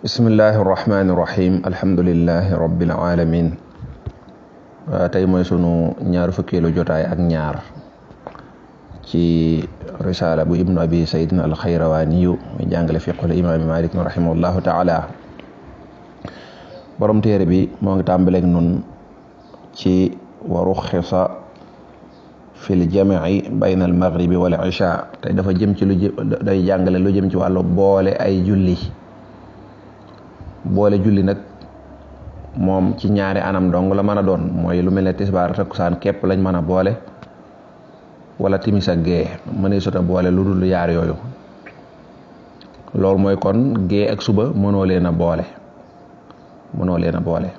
bismillahi irrahmani irrahim alhamdulilahi rabilalamin tey mooy sunu ñaar fukkeelu jotaay ak ñaar ci risala bu ibnu abi saydin alxayrawaaniyu muy jàngale fiqul imaami malik rahimahullahu taala borom téere bi moo ngi tàmbaleeg nun ci waru xisa fil jamci bayna al maghribi dafa jëm ci lu jàngale lu jëm ci wàllu boole ay julli boole julli nag moom ci ñaari anam dong la mën a doon mooy lu mel ne tisbaar takkusaan képp lañ mën a boole wala timis a mën gée mënee sota boole lu dul yaar yooyu loolu mooy kon gée ak suba mënoo leen a boole mënoo leen a boole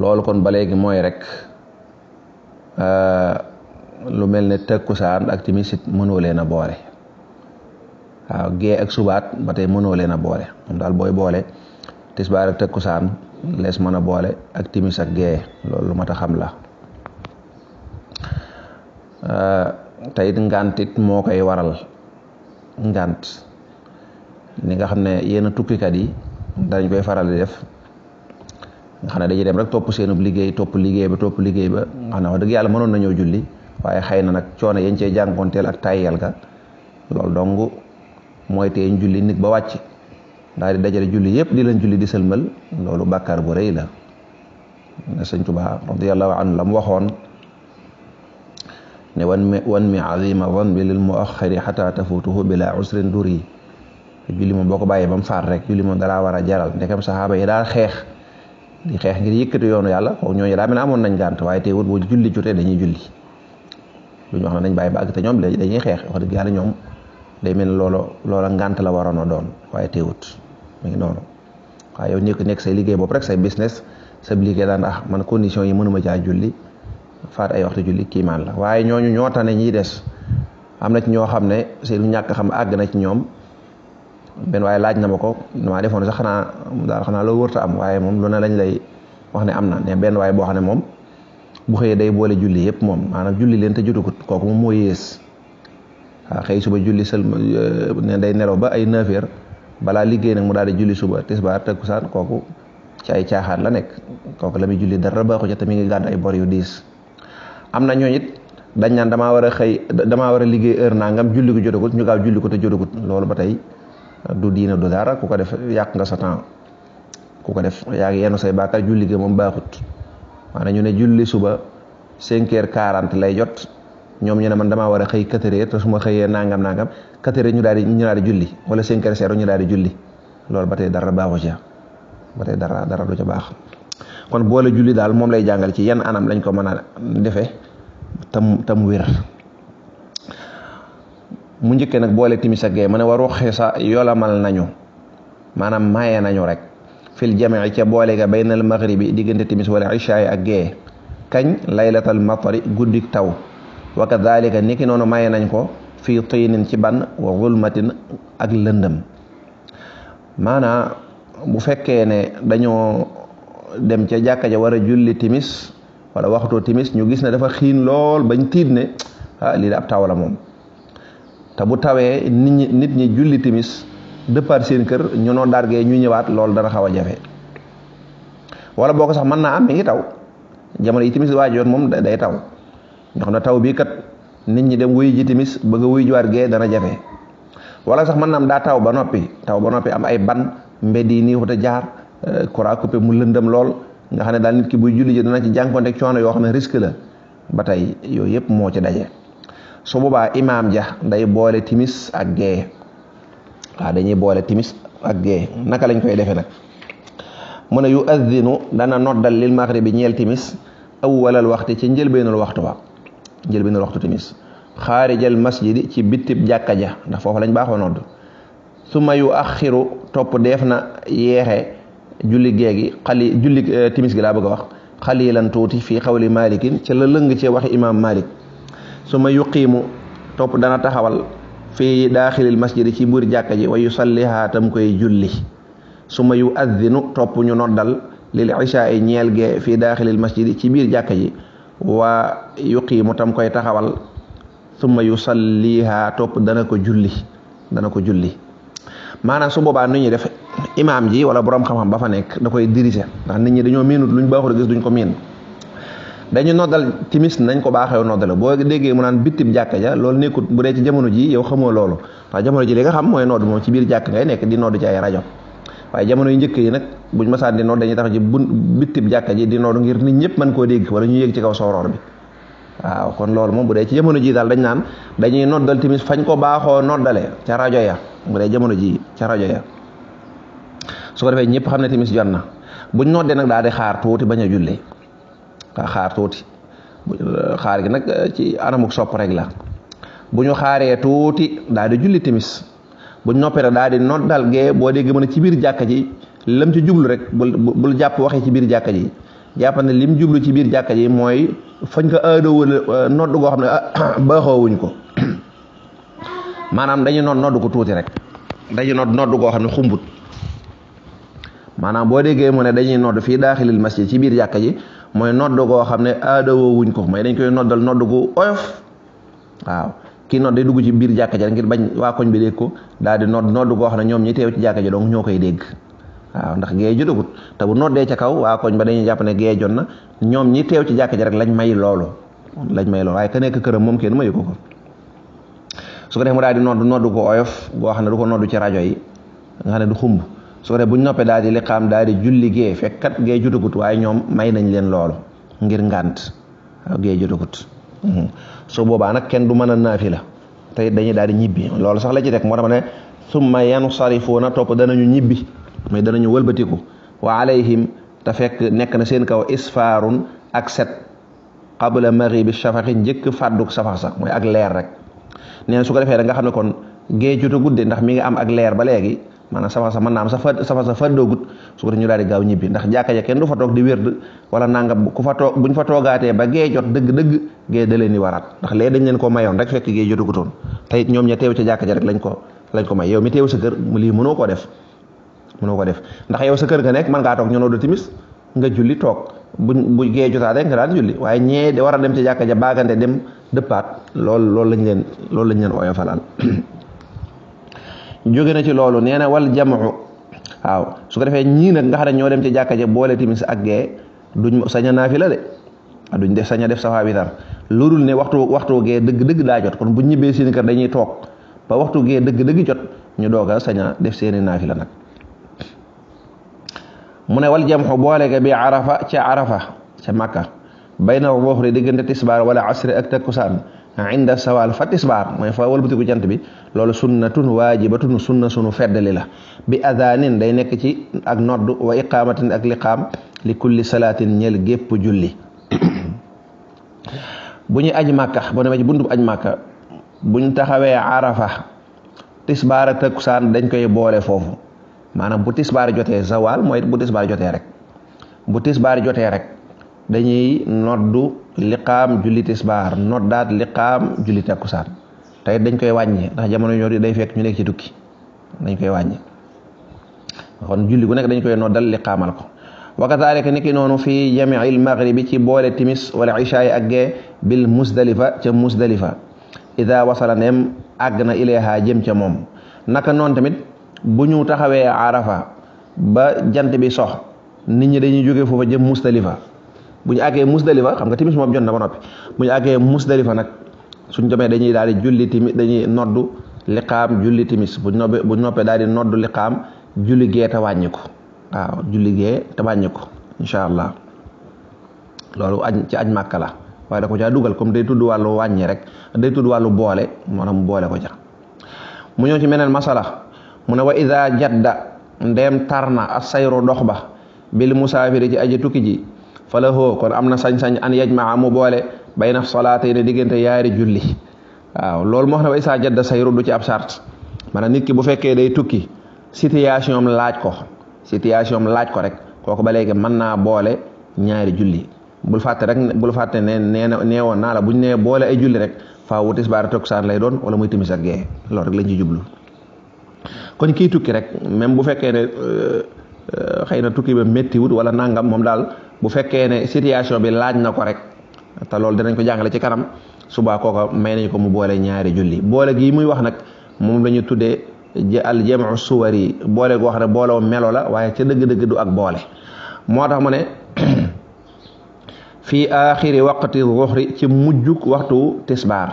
loolu kon ba léegi mooy rek euh, lu mel ne takkusaan ak timis it mënoo leen a boole waaw gee ak subaat ba te mënoo leen a boole moom daal booy boole tisbaar ak takkusaan lees mën a boole ak timis ak gee loolu lu mat a xam la teyit ngantit moo koy waral ngant ni nga xam ne yenn tukkikat yi dañ koy faral di def nga xam ne dañuy dem rek topp seenub liggéey topp liggéey ba topp liggéey ba nga xam ne wax dëgg yàlla mënoon na ñëw julli waaye xëy na nag coono yañ cee jànkoonteel ak tayyal ga loolu dong mooy tee julli nit ba wàcc daal di dajale julli yëpp di lañ julli di sëlmal loolu bàkkaar bu rëy la ne sëñ Tuubaa radiyallaahu anhu la mu waxoon ne wan mi wan mi azima zanbi lil muaxiri xataa tafutuhu bila usrin duri julli moom boo ko bàyyee ba mu faat rek julli moom dala war a jaral ndekam saxaaba yi daal xeex di xeex ngir yëkkati yoonu yàlla kooku ñooñu daa mel amoon nañ gànt waaye teewul bu julli jotee dañuy julli lu ñu wax ne dañ bàyyi ba àgg te ñoom dañuy xeex dëgg yàlla ñoom day mel ne loola loola ngànt la waroon a doon waaye teewut mu ngi noonu waaye yow nekk nekk say liggéey bopp rek say business sa liggéey daan ah man condition yi mënuma caa julli faat ay waxtu julli kiimaan la waaye ñooñu ñoo tane ñiy des am na ci ñoo xam ne seen ñàkk xam àgg na ci ñoom benn waaye laaj na ma nu maa defoon sax xanaa daal xanaa loo wërta am waaye moom lu ne lañ lay wax ne am na ne benn waaye boo xam ne moom bu xëyee day boole julli yëpp moom maanaam julli leen te jotagut kooku moo yées waaw xëy suba julli sël euh, ne day nelaw ba ay 9 balaa liggéey nag mu daal di julli suba tisbaar takkusaan kooku ci ay caaxaan la nekk kooku la muy julli dara baaxu ca mi ngi gàddu ay bor am na ñooñu it dañ naan damaa war a xëy damaa war a liggéey heure nangam julli ko jotagut ñu gaaw julli ko te jotagut loolu ba tey du diina du dara ku ko def yàq nga sa temps ku ko def yaa ngi yenn say bàkkaar julli gi moom baaxut maanaam ñu ne julli suba 5 heures lay jot. ñoom ñu ne man dama war a xëy quatre heures te su ma xëyee nangam nangam quatre heures ñu daal di ñu daal julli wala cinq heures ñu daal di julli loolu ba tey dara baaxu ca ba tey dara dara du ca baax kon boole julli daal moom lay jàngale ci yan anam lañ ko mën a defee tam tam wér mu njëkkee nag boole timis ak gee ma ne waru xisa yolamal nañu maanaam maye nañu rek fil jamii ca boole ga baynal maghribi diggante timis wala ishaay ak gee kañ laylatal matari guddik taw wa kadalika niki noonu maye nañ ko fii tinin ci ban wa gulmatin ak lëndëm maanaa bu fekkee ne dañoo dem ca jàkka ja war a julli timis wala waxtu timis ñu gis ne dafa xiin lool bañ tiit ne ah, lii ab taw la moom te bu tawee nit nit ñi julli timis départ seen kër ñu noo dargee ñu ñëwaat loolu dana xaw a jafe wala boo ko sax mën naa am mi ngi taw jamono yi timis waajoon moom day taw nga xam ne taw bii kat nit ñi dem wuy ji timis bëgg a wuy jiwaat gee dana jafe wala sax mën naam daa taw ba noppi taw ba noppi am ay ban mbedd yi nii wut jaar euh, courant coupé mu lëndëm lool nga xam ne daal nit ki buy julli ji dana ci jànkonte coono yoo xam ne risque la ba tey yooyu yëpp moo ci daje su boobaa imam ja day boole timis ak gee waaw dañuy boole timis ak gee naka lañ koy defee nag mu ne yu addinu dana noddal lil maghrib bi ñeel timis awwalal waxti ci njëlbeenul waxtu wa jël benn waxtu timis xaarijal masjidi ci bittib jàkka ja ndax foofu lañ baaxoo nodd suma yu axiru topp def na yeexe julli géegi xali julli eh, timis gi laa bëgg a wax xalilan tuuti fii xawli malikin ci la lëng ci waxi imam malik yu yuqiimu topp dana taxawal fii daaxilil masjidi ci mbir jàkka ji wa yusalliha tam koy julli suma yu addinu topp ñu noddal lil ishaa ñeel gee fii daaxilil masjidi ci biir jàkka ji waa wa yuqiimu tam koy taxawal summa yusalliha topp dana ko julli dana ko julli maanaam su boobaa nu ñuy def imaam ji wala borom xam-xam ba fa nekk da koy dirise ndax nit ñi dañoo miinut luñ baaxul gis duñ ko miin dañu noddal timis nañ ko baaxee noddale boo déggee mu naan bittim jàkka ja lool nekkut bu dee ci jamono ji yow xamoo loolu ndax jamono ji li nga xam mooy nodd moom ci biir jàkk ngay nekk di nodd ci ay rajo waaye jamono yu njëkk yi nag buñ masaan di nodd dañuy tax ci bun di nodd ngir nit ñëpp mën koo dégg wala ñu yéeg ci kaw soroor bi waaw kon loolu moom bu dee ci jamono ji daal dañ naan dañuy noddal timis fañ ko baaxoo noddale ca rajo ya bu dee jamono ji ca rajo ya su ko defee ñëpp xam ne timis jot na buñ noddee nag daal di xaar tuuti bañ a julli xaar tuuti euh, xaar gi nag euh, ci anamuk sopp rek la bu ñu xaaree tuuti daal di julli timis bu noppee rek daal di noddal gee boo déggee mën a ci biir jàkka ji lam ci jublu rek bul bul jàpp waxee ci biir jàkka ji jàpp ne lim jublu ci biir jàkka ji mooy fañ ko aadoo euh, nodd goo xam ne ah, baaxoowuñ ko maanaam dañu nodd nodd ko tuuti rek dañu nodd nodd goo xam ne xumbut maanaam boo déggee mu ne dañuy nodd fii daaxilil masjid ci biir jàkka ji mooy nodd goo xam ne aadoo ko mooy dañ koy noddal nodd gu oyof waaw kii nodd day dugg ci biir jàkka ja ngir bañ waa koñ bi dégg ko daal di nodd nodd goo xam ñoom ñi teew ci jàkka ja donc ñoo koy dégg waaw ndax gee jotagut te bu noddee ca kaw waa koñ ba dañuy jàpp ne gee na ñoom ñi teew ci jàkka ja rek lañ may loolu lañ may loolu waaye ka nekk këram moom kenn mayu ko ko su ko defee daal di nodd nodd ko oyof goo ne du ko nodd ci rajo yi nga ne du xumb su ko noppee daal di liqaam daal di julli gee fekkat gee jotagut waaye ñoom may nañ leen loolu ngir ngànt waaw gee jotagut Mhm. su boobaa nag kenn du mën a naafi la tey dañuy daal di ñibbi loolu sax la ci teg moo tax ne summa yansarifuuna topp danañu ñibbi mais danañu wëlbatiku wa alayhim te fekk nekk na seen kaw isfaarun ak set qabla maghribi shafaqi njëkk fàdduk safax sax mooy ak leer rek neen na su ko defee da nga xam ne kon géej jotagudde ndax mi ngi am ak leer ba léegi maanaam safar sa mën naa am safa safar sa fàddoogut su ko ñu daal di gaaw ñibbi ndax jàkka ja kenn du fa toog di wérd wala nangam ku fa toog buñ fa toogaatee ba gee jot dëgg-dëgg gee da leen di waraat ndax léegi dañ leen ko mayoon rek fekk gee jotugutoon te it ñoom ña teew ca jàkka ja rek lañ ko lañ ko may yow mi teew sa kër lii mënoo koo def mënoo ko def ndax yow sa kër nga nekk mën ngaa toog ñoo do timis nga julli toog buñ bu gee jotaatee nga daan julli waaye ñee war a dem ca jàkka ja baagante dem dëppaat loolu loolu lañ leen loolu lañ leen ooyo falal jóge na ci loolu nee na wal jamu waaw su ko defee ñii nag nga xam ne ñoo dem ci jàkka ja boole timis ak gee duñ saña naafila de duñ def saña def safaa witar loolu ne waxtu waxtu gee dëgg-dëgg daa jot kon bu ñibbee seen kër dañuy toog ba waxtu gee dëgg-dëgg jot ñu doog a saña def seeni naafila nag mu ne wal jamxu boole ga bi arafa ca arafa ca màkka bay na waxri diggante tisbaar wala asri ak takkusaan Ah, inda sawal fa tisbaar mooy fa walbatiku jant bi lool loolu sunnatun waajibatun sunna sunu feddali la bi adaanin day nekk ci ak nodd wa iqaamatin ak liqaam li kulli salaatin ñel gépp julli bu ñu aj màkka boo demee ci buntub aj màkka bu taxawee arafa tisbaar ak takkusaan dañ koy boole foofu maanaam bu tisbaar jotee zawal mooy bu tisbaar jotee rek bu tisbaar jotee rek dañuy noddu liqaam julli tisbaar noddaat liqaam julli takkusaan tey dañ koy wàññi ndax jamono ñoo day fekk ñu nekk ci tukki dañ koy wàññi kon julli ku nekk dañ koy noddal liqaamal ko wa kadalika niki noonu fii jamiil maghribi ci boole timis wala ishaay ak gee bil musdalifa ca musdalifa ida wasala neem àgg na ileeha jëm ca moom naka noonu tamit bu ñu taxawee arafa ba jant bi sox nit ñi dañuy jóge foofa jëm musdalifa bu ñu àggee musdalifa xam nga timis moom jot na ba noppi bu ñu àggee musdalifa nag suñ demee dañuy daal di julli timis dañuy noddu liqaam julli timis bu noppee bu noppee daal di noddu liqaam julli gee te wàññi ko waaw julli gee te wàññi ko allah loolu añ ci añ màkka la waaye da ko caa dugal comme day tudd wàllu wàññi rek day tudd wàllu boole moo na mu boole ko ca mu ñëw ci meneen masala mu ne wa ida jadda ndeem tarna asayru dox ba bil musaafiri ci aji tukki ji falahoo kon am na sañ-sañ an yajmaa mu boole bayna salaatayni diggante yaari julli waaw loolu moo xam way saa jadda sayru du ci ab sart maanaam nit ki bu fekkee day tukki situation laaj ko situation laaj ko rek kooku ba léegi mën naa boole ñaari julli bul fàtte rek bul fàtte ne nee na nee woon naa la buñ nee boole ay julli rek faa wu tisbaar takkusaan lay doon wala muy timis ak gee loolu rek lañ ci kon kii tukki rek même bu fekkee ne euh, euh, xëy na tukki ba méttiwut wala nangam moom daal bu fekkee ne situation bi laaj na ko rek te loolu dinañ ko jàngale ci kanam subaa kooka may nañ ko mu boole ñaari julli boole gii muy wax nag moom la ñu tuddee al jamu suwari boole goo xam ne boolewoo melo la waaye ca dëgg-dëgg du ak boole moo tax mu ne fii axiri waqti zuhri ci mujjug waxtu tisbaar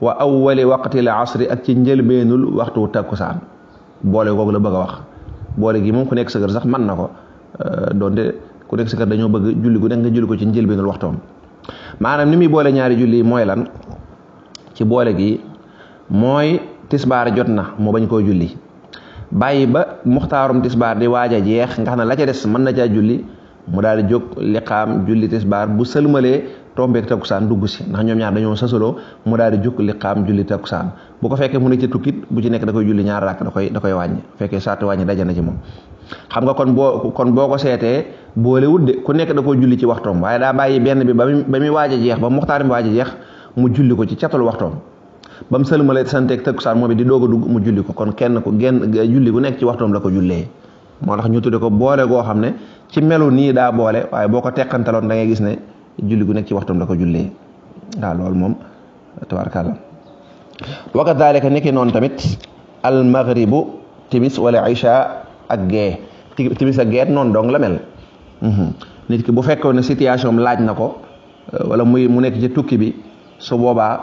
wa awwali waqti l asri ak ci njëlbeenul waxtu takkusaan boole googu la bëgg a wax boole gi moom ku nekk sa kër sax mën na ko euh, doonte ku nekk sikar dañoo bëgg julli gu nekk nga julli ko ci njëlbéenul waxtoom maanaam ni muy boole ñaari julli mooy lan ci boole gi mooy tisbaar jot na mu bañ koo julli bàyyi ba muxtaarum tisbaar di waaj a jeex nga xam ne la ca des mën na caa julli mu daal di jóg liqaam julli tisbaar bu sëlmalee tombeeg takkusaan dugg si ndax ñoom ñaar dañoo sasaloo mu daal di jukk li xaam julli takkusaan bu ko fekkee mu ne ci tukkit bu ci nekk da koy julli ñaar rakk koy da koy wàññi bu fekkee saati wàññi daje na ci moom xam nga kon boo kon boo ko seetee boolewut de ku nekk da koo julli ci waxtoom waaye daa bàyyi benn bi ba a jeex ba muxtaar mi waaj mu julli ko ci catul waxtoom ba mu sëlmale santeeg takkusaan moom it di doog a dugg mu ko kon kenn ku genn julli bu nekk ci waxtoom la ko jullee moo tax ñu tudde ko boole goo xam ne ci melu nii daa boole waaye boo ko teqantaloon da ngay gis ne julli gu nekk ci waxtam la ko jullee waaw loolu moom tabaarkàlla wa kadaalika nekki noonu tamit al maghribu timis wala isha ak gee timis ak gee noonu dong la mhm. nit ki bu fekkoon ne situation laaj na ko euh, wala muy mu nekk ci tukki bi su boobaa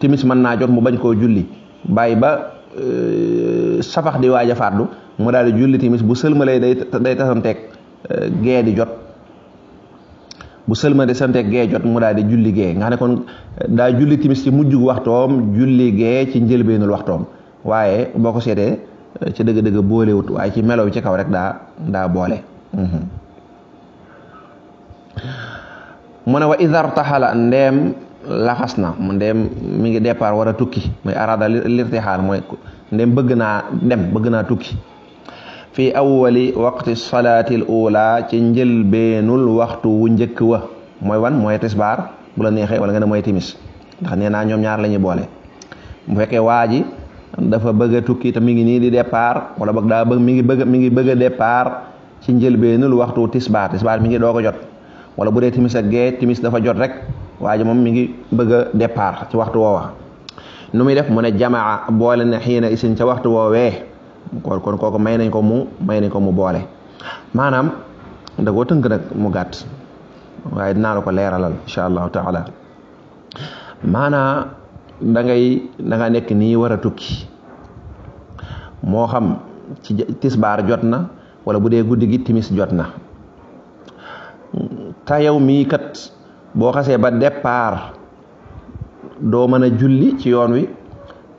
timis mën naa jot mu bañ koo julli bàyyi ba euh, safax di waaja a fàddu mu daal di julli timis bu sëlmalee day day tasanteeg euh, gee di jot bu sëlma de sante gee jot mu daal di julli gee nga ne kon daa julli timis ci mujjug waxtoom julli gee ci njëlbeenul waxtoom waaye boo ko seetee ci dëgg-dëgg boolewut waaye ci melow ci kaw rek daa daa boole mu ne wa idar taxala ndem laxas na mu ndem mu ngi départ war a tukki muy arada lirtixaal mooy ndeem bëgg naa dem bëgg naa tukki fi awwali waqti salaati al ula ci njëlbeenul waxtu wu njëkk wa mooy wan mooy tisbaar bu la neexee wala nga ne mooy timis ndax nee naa ñoom ñaar la ñuy boole bu fekkee waa ji dafa bëgg a tukki te mi ngi nii di départ wala bëgg daa bëgg mi ngi bëgg mi ngi bëgg a départ ci njëlbeenul waxtu tisbaar tisbaar mi ngi doog a jot wala bu dee timis ak gee timis dafa jot rek waa moom mi ngi bëgg a départ ci waxtu woowa nu muy def mu ne jamaa boole na xiina isin ca waxtu woowee kon kon kooku may nañ ko mu may nañ ko mu boole maanaam da tënk nag mu gàtt waaye dinaa la ko leeralal incha allahu taala maanaa da ngay da nekk nii war a tukki moo xam ci tisbaar jot na wala bu dee guddi gi timis jot na te yow mii kat boo xasee ba départ doo mën a julli ci yoon wi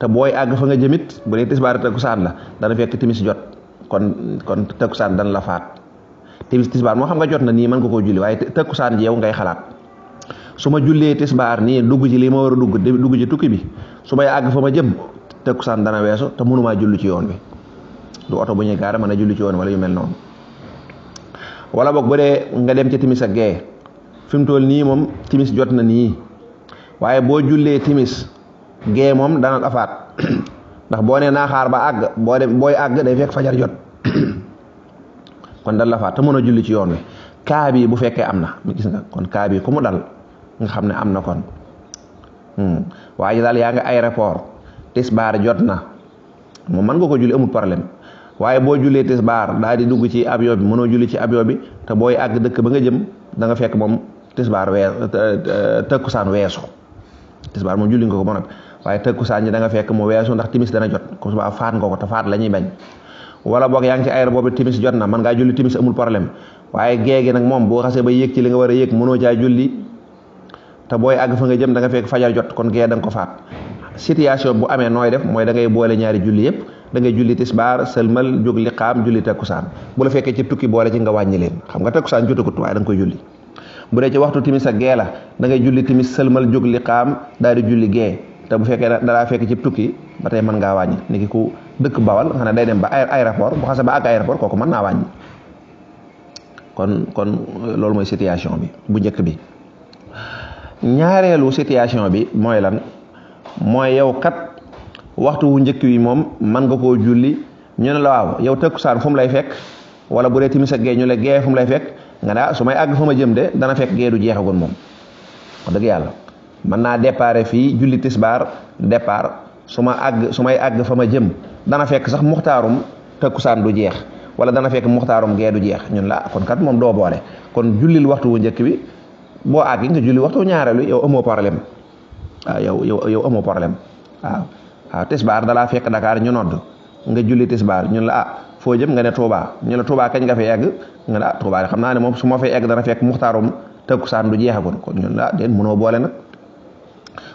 te booy àgg fa nga jëmit bu dee tisbaar takkusaan la dana fekk timis jot kon kon saan dan la faat timis tisbaar moo xam nga jot na nii mën nga koo julli waaye takkusaan saan yow ngay xalaat su ma jullee tisbaar nii dugg ci lii ma war a dugg de dugg ci tukki bi su may àgg fa ma jëm takkusaan dana weesu te mënumaa julli ci yoon bi lu oto bu ñuy gaare mën a julli ci yoon wala yu mel noonu wala boog bu dee nga dem ci timis ak gee fi mu toll nii moom timis jot na nii waaye boo jullee timis gee moom dana la faat ndax boo nee naa xaar ba àgg boo dem booy àgg day fekk fajar jot kon dana la te mën a julli ci yoon wi kaa bi bu fekkee am na gis nga kon kaa bi ku dal nga xam ne am na kon hmm. waaye daal yaa ngi aéroport tisbaar jot na moom mën nga ko julli amul problème waaye boo jullee tisbaar daal di dugg ci avion bi mënoo julli ci avion bi te booy àgg dëkk ba nga jëm danga fekk moom tisbaar wees tëkkusaan weesu tisbaar moom julli nga ko ba noppi waaye tëkkusaan ji da nga fekk mu weesu ndax timis dana jot ku subaa faat nga ko te faat la ñuy bañ wala boog yaa ngi ci ayra boobu timis jot na mën ngaa julli timis amul problème waaye géegi nag moom boo xasee ba yéeg ci li nga war a yéeg mënoo caa julli te booy àgg fa jëm da nga fekk fajar jot kon gee da ko faat situation bu amee nooy def mooy da ngay boole ñaari julli yëpp da ngay julli tisbaar sëlmal jóg liqaam julli takkusaan bu la fekkee ci tukki boole ci nga wàññi leen xam nga takkusaan jotagut waaye da nga koy julli bu dee ci waxtu timis ak gee la da ngay julli timis sëlmal jóg liqaam daal di julli gee te bu fekkee danaa fekk ci tukki ba tey mën ngaa waañ ni ki ku dëkk bawal nga ne day dem ba aéroport bu xase ba àgg aéroport kooku naa wàññi kon euh, loolu mooy situation bi bu njëkk bi ñaareelu situation bi mooy lan mooy yow kat waxtu wu njëkk wi moom mën nga koo julli ñu ne la yow tëkkusaan fu mu lay fekk wala bu dee timis ak gee ñu la gee fu mu lay fekk nga ne ah, àgg fa ma jëm de dana fekk gee du jeexagoon moom wax dëgg yàlla mën naa déparé fii julli tisbaar départ su ma àgg su may àgg fa ma jëm dana fekk sax muxtaarum takkusaan du jeex wala dana fekk muxtaarum gee du jeex ñun la kon kat moom doo boole kon jullil waxtu wu njëkk bi boo àgg nga julli waxtu ñaareelu yow amoo problème waaw ah, yow yow yow amoo problème waaw ah, ah, waaw tisbaar dalaa fekk Dakar ñu nodd nga julli tisbaar ñun la ah foo jëm nga ne Touba ñu la Touba kañ nga fi nga ne ah Touba xam naa ne moom su ma fay egg dana fekk muxtaarum takkusaan du jeexagul kon ñun la déen mënoo boole na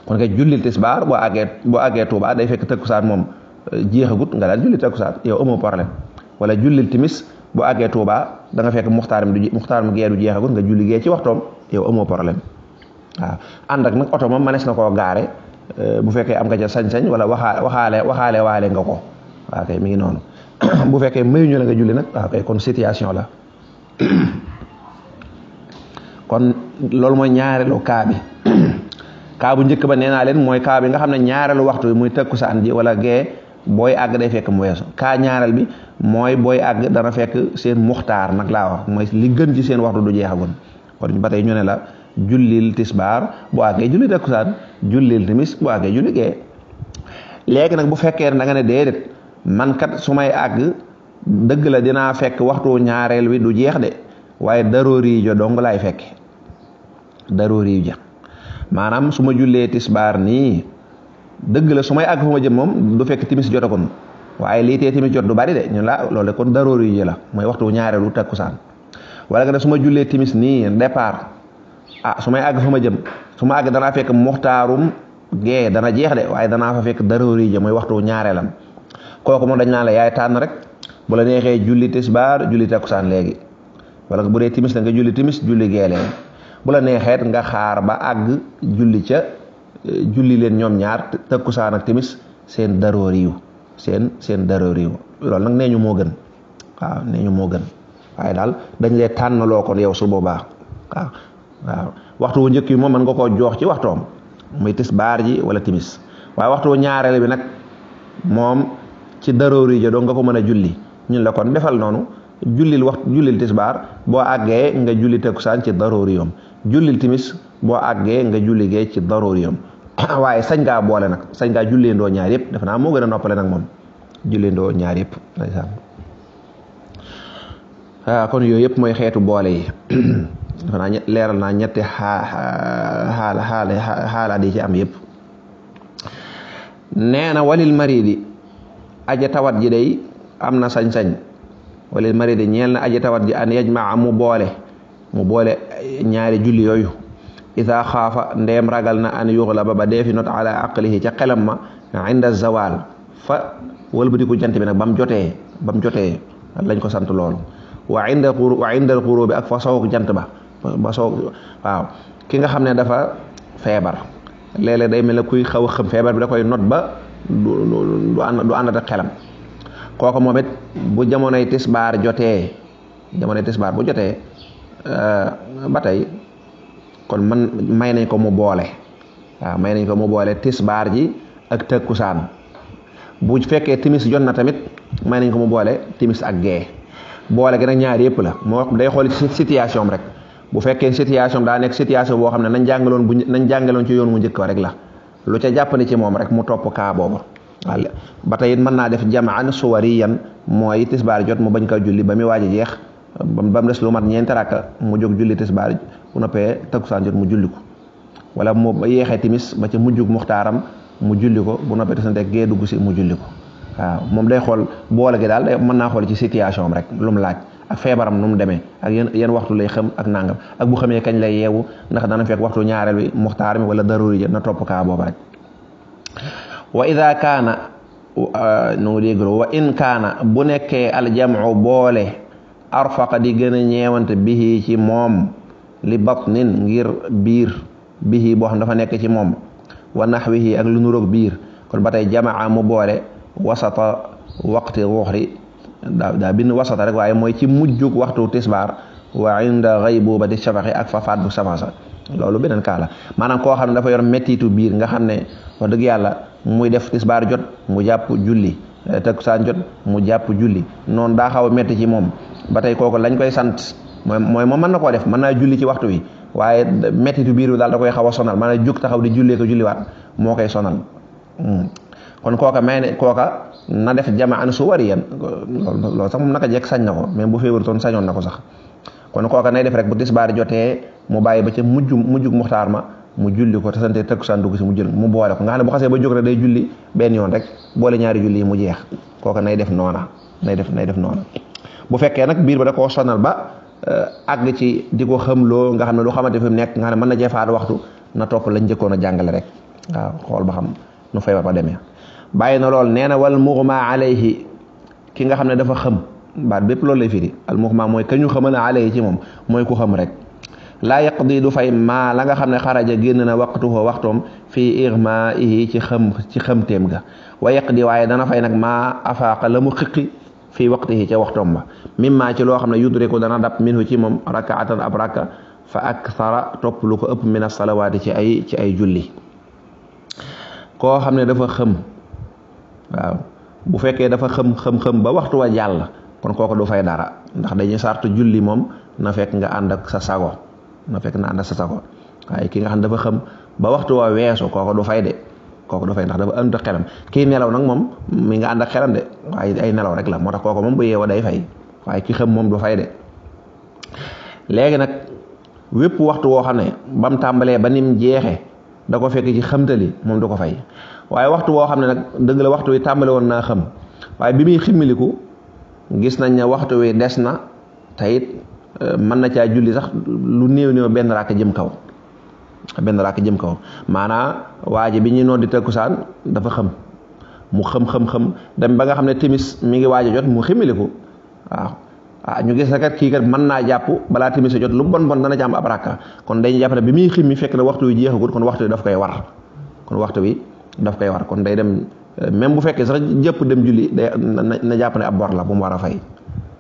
kon nga julli tisbaar boo àggee boo àggee Tuubaa day fekk takkusaan moom euh, jeexagut nga daal julli takkusaan yow amoo problème wala jullil timis boo àggee Tuubaa danga fekk muxtaaram du muxtaaram gee du jeexagut nga julli gee ci waxtoom yow amoo problème waaw ànd ak nag oto moom manees na ko gaare euh, bu fekkee am nga ca sañ-sañ wala waxaa waxaale waxaale waale nga ko waaw kay mi ngi noonu bu fekkee mayuñu la nga julli nag waaw kon situation la kon loolu mooy ñaareelu cas bi kaa bu njëkk ba nee naa leen mooy kaa bi nga xam ne ñaareelu waxtu bi muy takkusaan ji wala gee booy àgg day fekk mu weesu kaa ñaareel bi mooy booy àgg dana fekk seen muxtaar nag laa wax mooy li gën ci seen waxtu du jeexagoon kon ba tey ñu ne la jullil tisbaar bu àggee julli takkusaan jullil timis bu àggee julli gee léegi nag bu fekkee da nga ne déedéet man kat su may àgg dëgg la dinaa fekk waxtu ñaareel wi du jeex de waaye daroori jo dong laay fekk daroori jo maanaam su ma jullee tisbaar nii dëgg la su may àgg fa ma jëm moom du fekk timis jotagoon waaye lii tee timis jot du bari de ñu la loolu de kon daroor la mooy waxtu ñaareelu takkusaan wala nga ne su ma jullee nii départ ah su àgg fa ma jëm su ma àgg danaa fekk muxtaarum gee dana jeex de waaye danaa fa fekk daroor yi mooy waxtu ñaareelam kooku moom dañ naan la yaay tànn rek bu la neexee julli tisbaar julli takkusaan léegi wala bu dee timis da nga julli timis julli gee léegi bu la neexeet nga xaar ba àgg julli ca julli leen ñoom ñaar takkusaan ak timis seen darooriyu seen seen darooriyu loolu nag nee ñu moo gën waaw nee ñu moo gën waaye daal dañ leen tànnaloo loo kon yow su boobaa waaw waxtu wu njëkk yi moom mën nga koo joox ci waxtoom muy baar ji wala timis waaye waxtu wu ñaareel bi nag moom ci daroori ja doo nga ko mën a julli ñun la kon defal noonu jullil waxtu jullil tisbaar boo àggee nga julli takkusaan ci darooriyam jullil timis boo àggee nga julli gee ci darooriyam waaye sañ ngaa boole nag sañ ngaa julleendoo ñaar yëpp defe naa moo gën a noppale nag ñaar yëpp ah, kon yëpp mooy xeetu boole yi leeral naa ñetti ci am yëpp nee walil maridi aja tawat ji day am na sañ-sañ mari de ñeel na aji tawat ji an yajmaa mu boole mu boole ñaari julli yooyu isa xaafa ndeem ragal na an yuxla ba ba deefi not ala ak ca xelam ma inda zawal fa wëlbatiku jant bi nag ba mu jotee ba mu jotee lañ ko sant loolu wa inda wa indal bi ak fa jant ba ba nga xam ne dafa feebar léeg day mel ne kuy xaw a xam feebar bi da koy not ba du ànd ak xelam kooku moom it bu jamonoy tisbaar jotee jamonoy tisbaar bu jotee euh, ba tey kon man may nañ ko mu boole waaw may nañ ko mu boole tisbaar ji ak tëkkusaan bu fekkee timis jot na tamit may nañ ko mu boole timis ak gee boole gi nag ñaar yëpp la moo day xool ci situation rek bu fekkee situation daa nekk situation boo xam ne nañ jàngaloon bu nañ jàngaloon ci yoon mu njëkk rek la lu ca jàppandi ci moom rek mu topp kaa boobu waaw ba tey it mën naa def jamaan suwariyan mooy tisbaar jot mu bañ kaa julli ba muy waaj yeex jeex ba mu des lu mat ñeenti rakka mu jóg julli tisbaar bu noppee takkusaan jot mu julli ko wala mu yeexee timis ba ca mujjug muxtaaram mu julli ko bu noppee desante gee dugg si mu julli ko waaw moom day xool boole gi daal mën naa xool ci situation am rek lu mu laaj ak feebaram nu mu demee ak yan yan waxtu lay xam ak nangam ak bu xamee kañ lay yeewu ndax dana fekk waxtu ñaareel bi muxtaar mi wala daruri ja na topp kaa boobu rek wa ida kaana uh, nu ngi déglu wa in kaana bu nekkee aljamcu boole arfaqa di gën a ñeewante bihi ci moom li batnin ngir biir bihi boo xam dafa nekk ci moom wa naxwihi ak lu nuroog biir kon ba tey jamaa mu boole wasata waqti zuhri daa daa bind wasata rek waaye mooy ci mujjug waxtu tisbaar wa inda gaybubati shafaqi ak fafaat bu safansa loolu beneen kaa la koo xam ne dafa yor mettitu biir nga xam ne wax dëgg yàlla muy def tisbaar jot mu jàpp julli eh, takkusaan jot mu jàpp julli noonu daa xaw a métti ci moom ba tey kooku lañ koy sant mooy mooy moom mën na koo def mën naa julli ci waxtu wi waaye méttitu biir bi daal da koy xaw a sonal maanaam jug taxaw di jullee ko julliwaat moo koy sonal hmm. kon kooka may ne kooka na def jama an su wari yan loolu sax moom naka jekk sañ na ko même bu féewul toon sañoon na ko sax kon kooka nay def rek bu tisbaar jotee mu bàyyi ba ca mujj mujjug muxtaar ma mu julli ko te sante sant dugg si mu jël mu boole ko nga xam ne bu xasee ba jóg rek day julli benn yoon rek boole ñaari julli yi mu jeex kooka nay def noona nay def nay def noona bu fekkee nag biir ba da koo sonal ba eh, àgg ci di ko loo nga xam ne lu xamante fi mu nekk nga xam ne mën na cee faat na topp lañ njëkkoon a jàngale rek waaw xool ba xam nu feebar ba demee bàyyi na lool nee na wal muxma alayhi ki nga xam ne dafa xëm baat bépp loolu lay firi al muxma mooy ka ñu xamal alayhi ci moom mooy ku xam rek laa yaqdi du fay maa la nga xam ne xaraja génn na waqtuhu waxtoom fii irmaihi ci xam ci xamteem ga wa yaqdi waaye dana fay nag maa afaaqa la mu xiqi fii waqtihi ca waxtoom ba mimma ci loo xam ne yudriku dana dab minhu ci moom rakaatan ab raka fa akthara topp lu ko ëpp min asalawaati ci ay ci ay julli koo xam ne dafa xëm waaw bu fekkee dafa xëm xëm xëm ba waxtu wa jàll kon kooku du fay dara ndax dañuy sartu julli moom na fekk nga ànd ak sa sago na fekk na ànd sa sago waaye ki nga xam dafa xam ba waxtu waa weesu kooku du fay de kooku du fay ndax dafa ànd ak xelam kii nelaw nag moom mi nga ànd ak xelam de waaye ay nelaw rek la moo tax kooku moom bu yeewoo fay waaye ki xam moom du fay nag wépp waxtu woo xam ne ba mu tàmbalee ba ni mu jeexee da ko fekk ci xamtali moom du ko fay waaye waxtu woo xam ne nag dëgg la waxtu wi tàmbale woon naa xam waaye bi muy ximmiliku gis nañ ne waxtu wi des na te Euh, mën na caa julli sax lu néew néew benn raaka jëm kaw benn raaka jëm kaw maanaa waa bi ñuy noon di takkusaan dafa xam mu xam xam xam dem ba nga xam ne timis mi ngi waaj a jot mu ximiliku waaw ah ñu gis kat kii kat mën naa jàpp balaa timis a jot lu bon bon dana ci am ab rakka kon dañuy jàpp ne bi muy mi fekk na waxtu wi jeexagul kon waxtu wi daf koy war kon waxtu wi daf koy war kon day dem euh, même bu fekkee sax jëpp dem julli day na jàpp ne ab bor la bu mu war a fay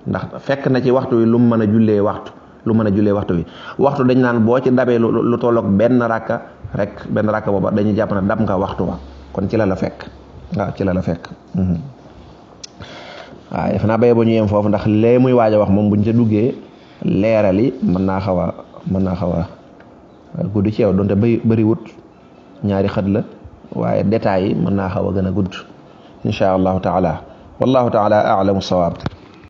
ndax fekk na ci waxtu wi lu mu mën a jullee waxtu lu mën a jullee waxtu wi waxtu dañ naan boo ci dabee lu tolloog benn ràkka rek benn ràkka booba dañuy jàpp ne dab nga waxtu wa kon ci la la fekk waaw ci la la fekk mhm. waaw defe ba ñu yem foofu ndax lee muy waaj a wax moom buñ ca duggee leerali mën naa xaw a mën naa xaw a gudd ci yow donte ñaari xët la waaye détails yi mën naa xaw a gën a gudd insha allahu taala wallahu taala aalamu sawaab